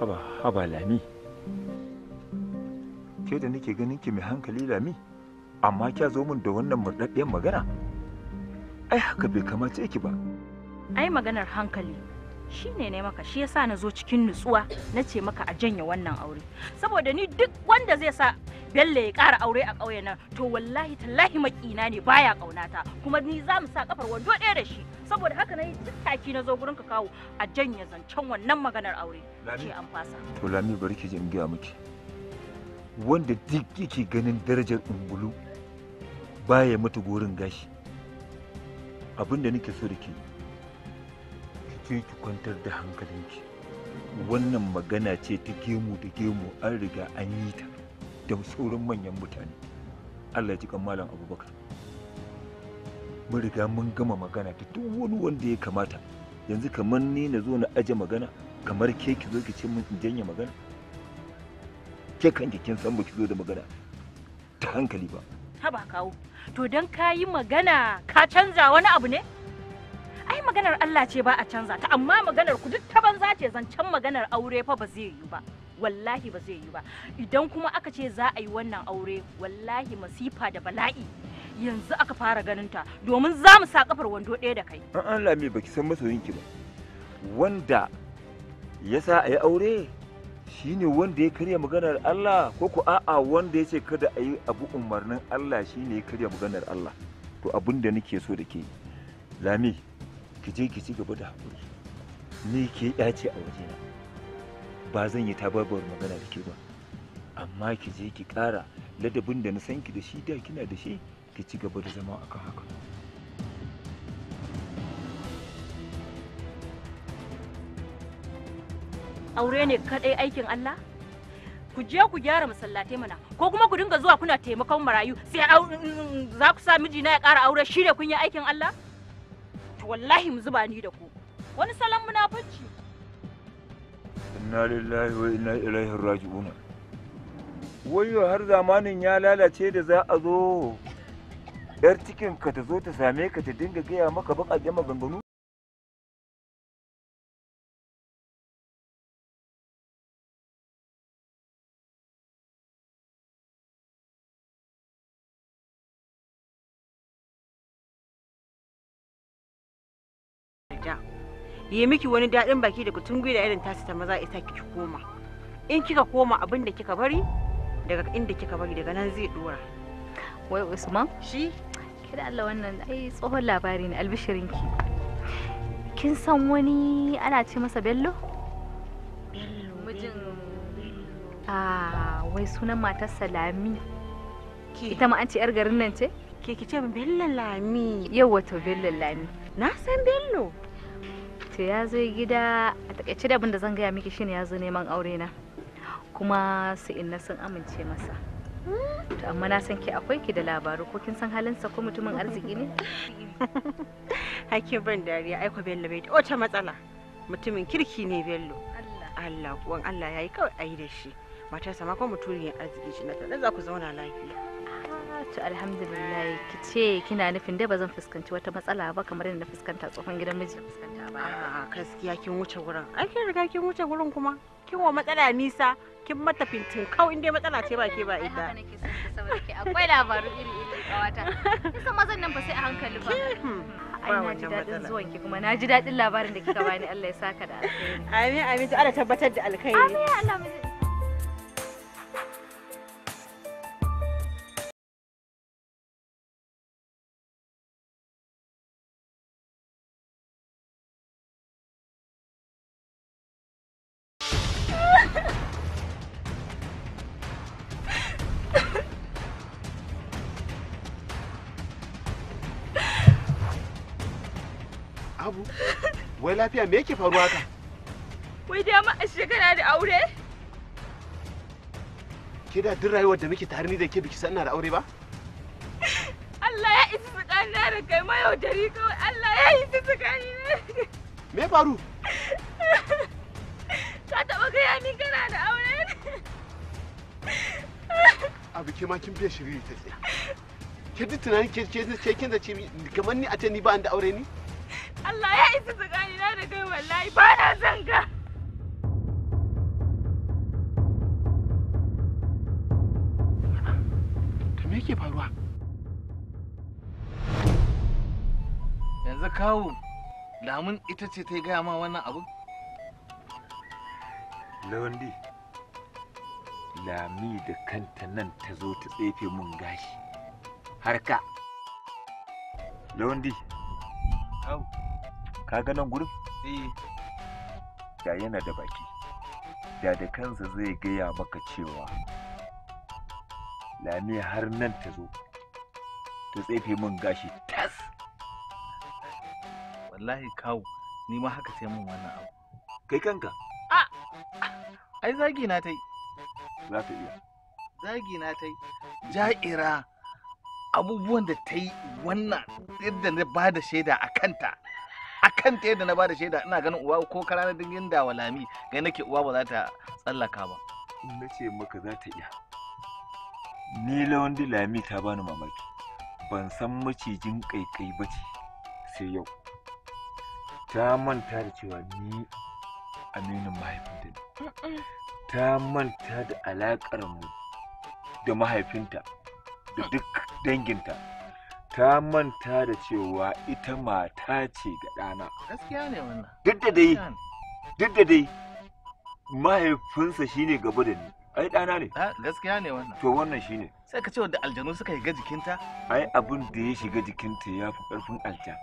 Haba, haba lami. Ke da nake ganin ki mai hankali lami, amma kya zo min da wannan murɗaɗɗiyar magana? Ai haka bai kamata yake ba. Ai maganar hankali. shi ne ne maka shi yasa na zo cikin nutsuwa na ce maka a janya wannan aure saboda ni duk wanda zai sa bello ya kara aure a ƙauyen nan to wallahi tallahi makina ne baya ƙaunata kuma ni za mu sa kafar wando ɗaya da shi saboda haka na yi tattaki na zo gurin ka kawo a janye zancen wannan maganar aure ce an fasa to lami bari ki je gaya miki wanda duk yake ganin darajar ungulu baya mutu gorin gashi abinda nake so da ke ke ki kwantar da hankalinki wannan magana ce ta gemu da gemu an riga an yi ta da sauran manyan mutane allah ya ji malam abubakar mun riga mun gama magana ta duk wani wanda ya kamata yanzu kamar ni na zo na aje magana kamar ke ki zo ki ce mun janye magana ke kan kin san ba ki zo da magana ta hankali ba haba kawo to don ka yi magana ka canza wani abu ne ai maganar Allah ce ba a canza ta amma maganar ku duk ta banza ce zancen maganar aure fa ba zai yi ba wallahi ba zai yi ba idan kuma aka ce za a yi wannan aure wallahi masifa da bala'i yanzu aka fara ganin ta domin za mu sa kafar wando ɗaya da kai an Allah me baki san masoyinki ba wanda ya sa a yi aure shine wanda ya karya maganar Allah ko ku a'a wanda ya ce kada a yi abu umarnin Allah shine ya karya maganar Allah to abin da nake so da ke lami ki je ki ci gaba da haƙuri ni ke ɗace a wajena ba zan yi tababar magana da ke ba amma ki je ki ƙara ladabin da na san ki da shi da kina da shi ki ci gaba da zama akan haka aure ne kaɗai aikin Allah ku je ku gyara masallatai mana ko kuma ku dinga zuwa kuna taimakon marayu sai za ku sa mijina ya ƙara aure shi ne kun yi aikin Allah wallahi mu zuba ni da ku wani salon munafici inna lillahi wa inna ilaihi raji'un wayo har zamanin ya lalace da za a zo yar cikin ka ta zo ta same ka ta dinga gaya maka bakaƙen maganganu yi miki wani daɗin baki da kutungui da irin tasu ta maza ita kiki koma in kika koma abin da kika bari daga inda kika bari daga nan zai dora wai usman shi kira Allah wannan ai tsohon labari ne albishirinki kin san wani ana ce masa bello bello mijin ah wai sunan matar salami ita ma an ce yar garin nan ce ke ki ce bello lami yau wato bello lami na san bello to ya zo gida a takaice da abin da zan gaya miki shine ya zo neman aure na kuma su inna sun amince masa to amma na san ki akwai ki da labaru ko kin san halinsa ko mutumin arziki ne hakin ban dariya ai ko bello bai ta matsala mutumin kirki ne bello Allah kuwan Allah yayi kawai ayi da shi matarsa ma ko mutumin arziki shi na za ku zauna lafiya to alhamdulillah ki ce kina nufin dai ba zan fuskanci wata matsala ba kamar yadda na fuskanta tsohon gidan miji fuskanta ba a gaskiya kin wuce gurin ai kin riga kin wuce gurin kuma kin wa matsala nisa kin mata fintin kau in matsala ce ba ke ba ita akwai labaru iri iri kawata kusan mazan nan ba sai a hankali ba hmm, ai na ji daɗin zuwan ki kuma na ji daɗin labarin da kika bani Allah ya saka da alkhairi amin amin to Allah tabbatar da alkhairi amin Allah mu lafiya me yake faruwa ka? Wai dai ma a shekara da aure? Ke da duk rayuwar da muke tare ni da ke biki san da aure ba? Allah ya isa tsakanina da kai ma yau kawai Allah ya isa tsakanina. Me faru? Ka taɓa gaya ni kana da aure? A biki ma kin fiye shiriri ta tsaye. Ke duk tunanin ke ke kin zace kamar ni a ni ba an da aure ni? Allah ya isa tsakanina da kai wallahi ba na son ka. To me yake faruwa? Yanzu kawo lamun ita ce ta gaya ma wannan abu? Lawandi, lami da kanta nan ta zo ta tsefe mun gashi. Harka. Lawandi. Kawo. ka ga nan gurin eh da yana da baki da da kansa zai gaya maka cewa lami har nan ta zo ta tsefe min gashi tas wallahi kawo ni ma haka sai mun wannan abu kai kanka a ah! ai zagi na tai za ta iya zagi na tai ja'ira abubuwan da ta yi wannan yadda na ba da shaida a kanta akan ta yadda na bada shaida ina ganin uwa ko kara na dingin da walami ga nake uwa ba za ta tsallaka ba na ce maka za ta iya ni lawan lami ta bani mamaki ban san macijin kaikai ba ce sai yau ta manta da cewa ni aminin mahaifinta ne ta manta da alakar mu da mahaifinta da ah. duk danginta ta manta da cewa ita mata ce ga ɗana. Gaskiya ne wannan. Duk da dai, duk da dai mahaifinsa shi ne gaba da ni. Ai ɗana ne. Ah, gaskiya ne wannan. To wannan ne. Sai ka ce wanda aljanu suka shiga jikinta? Ai abin da ya shiga jikinta ya fi ƙarfin alja.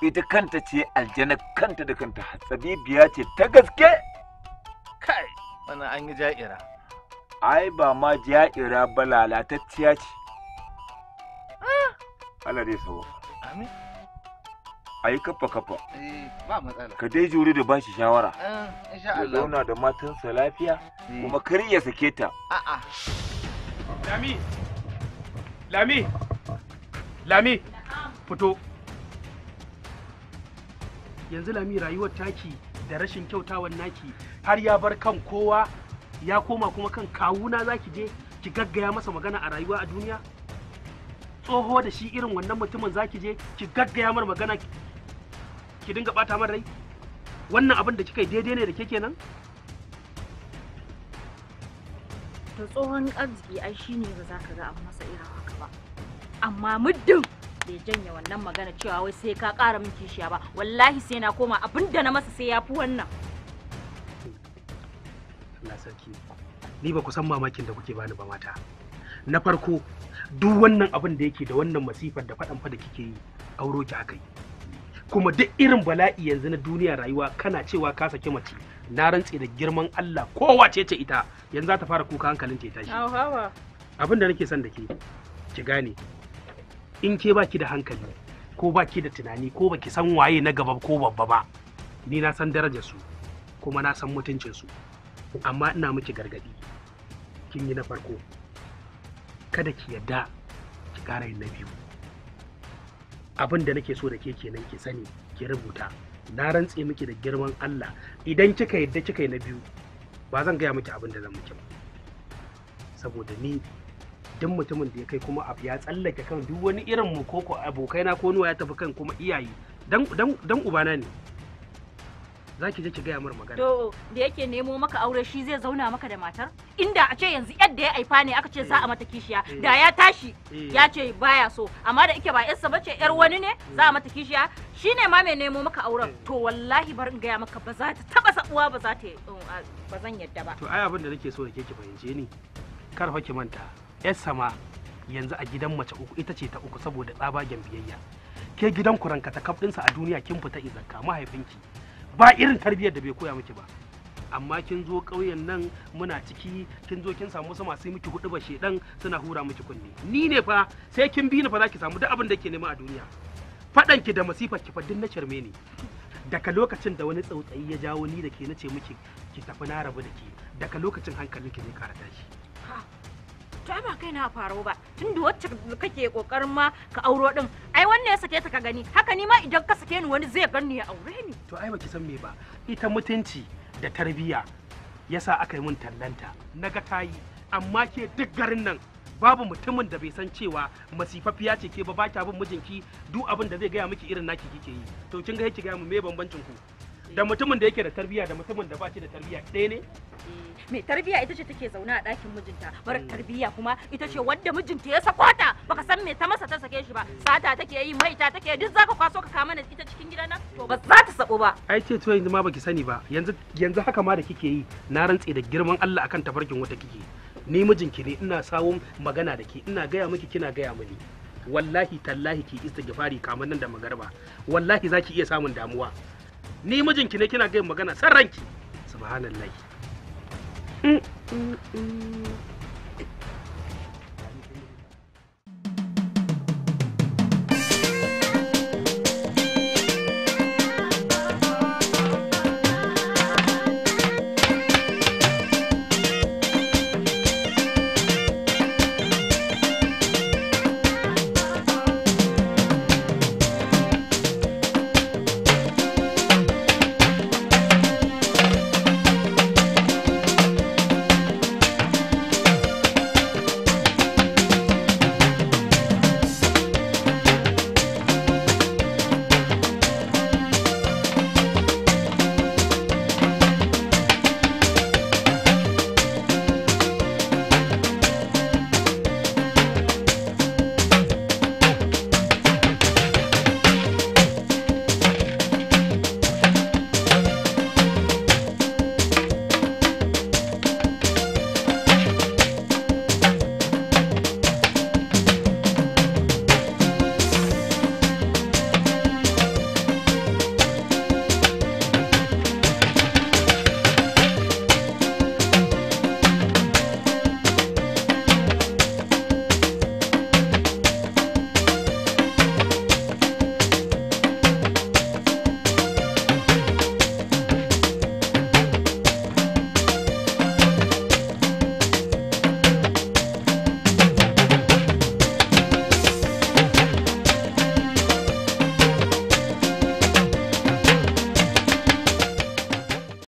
Ita kanta ce aljana kanta da kanta hatsabibiya ce ta gaske. Kai, wannan an yi ja'ira. Ai ba ma ja'ira ba lalatacciya ce. Allah dai sabo Amin. A yi kafa kafa. Eh, ba matsala. Ka dai juri da bashi shawara. Eh, insha Allah. Ya zauna da matansa lafiya eh. kuma kar ya sake ta. A'a. Lami. Lami. Lami. Fito. Yanzu Lami rayuwar taki da rashin kyautawan naki har ya bar kan kowa ya koma kuma kan kawuna zaki je ki gaggaya masa magana a rayuwa a duniya? tsoho da shi irin wannan mutumin zaki je ki gaggaya mar magana ki dinga bata mar rai wannan abin da kika yi daidai ne da ke kenan to tsohon arziki ai shine ba za ka ga abu masa irin haka ba amma muddin bai janye wannan magana cewa wai sai ka ƙara min kishiya ba wallahi sai na koma abinda na masa sai ya fi wannan Allah sarki ni ba ku san mamakin da kuke bani ba mata na farko duk wannan abin da yake da wannan masifar da faɗan da kike yi auro ki aka yi kuma duk irin bala'i yanzu na duniya rayuwa kana cewa ka saki mace na rantse da girman Allah kowa ce ce ita yanzu za ta fara kuka hankalin ta tashi abin da nake son da ke ki gane in ke baki da hankali ko baki da tunani ko baki san waye na gaba ko babba ba ni na san darajar su kuma na san mutuncin su amma ina miki gargadi kin yi na farko kada ki yadda ki ƙara yin na biyu abin da nake so da ke kenan ki sani ki rubuta na rantse miki da girman Allah idan kika yadda kika yi na biyu ba zan gaya miki abin da zan miki ba saboda ni duk mutumin da ya kai kuma abu ya tsallake kan duk wani irin mu ko abokai na ko nuwa ya tafi kan kuma iyaye dan ubana ne za je ki gaya mar magana to da yake nemo maka aure shi zai zauna maka da matar inda a ce yanzu yadda ya aifa ne aka ce za a mata kishiya mm. da ya tashi mm. ya ce baya so amma da ike ba yarsa ba ce yar wani ne mm. za a mata kishiya shine ma mai nemo maka auren to wallahi bar in gaya maka ba za ta taba sabuwa ba za ta um, ba zan yadda ba to ai abin da nake so da ke fahimce ni kar fa ki manta yar sama yanzu a gidan mace uku ita ce ta uku saboda tsabagen biyayya ke gidan ku ranka ta a duniya kin fita izanka mahaifinki ba irin tarbiyyar da bai koya miki ba amma kin zo ƙauyen nan muna ciki kin zo kin samu sama masu miki hudu ba shedan suna hura miki kunne ni ne fa sai kin bi ni fa zaki samu duk abin da ke nema a duniya faɗan ki da masifar ki fa duk na charme ne daga lokacin da wani tsautsayi ya jawo ni da ke nace miki ki tafi na rabu da ke daga lokacin hankalinki zai kara tashi to ba kai na faro ba tun da wacce kake kokarin ma ka auro din ai wannan ya sake ta ka gani haka ni ma idan ka sake ni wani zai gani ya aure ni to ai baki san me ba ita mutunci da tarbiyya yasa aka yi mun tallanta na ga yi amma ke duk garin nan babu mutumin da bai san cewa masifafiya ce ke ba ba bin mijinki duk abin da zai gaya miki irin naki kike yi to kin ga yake gaya mu me bambancin ku da mutumin da yake da tarbiyya da mutumin da ba shi da tarbiyya ɗaya ne mm. mai tarbiya ita ce take zaune a ɗakin mijinta mara hmm. tarbiya kuma ita ce wadda mijinta ya sako ta baka san me ta masa ta sake shi ba sata take yi maita take duk zaka kwaso ka kama na ita cikin gidana to ba za ta sabo ba ai ce to yanzu ma baki sani ba yanzu yanzu haka ma da kike yi na rantse da girman Allah akan tafarkin wata kike ni mijinki ne ina sawo magana da ke ina gaya miki kina gaya mini wallahi tallahi ki istighfari kamar nan da magarba wallahi zaki iya samun damuwa ni mijinki ne kina gaya magana san ranki subhanallahi 嗯嗯嗯。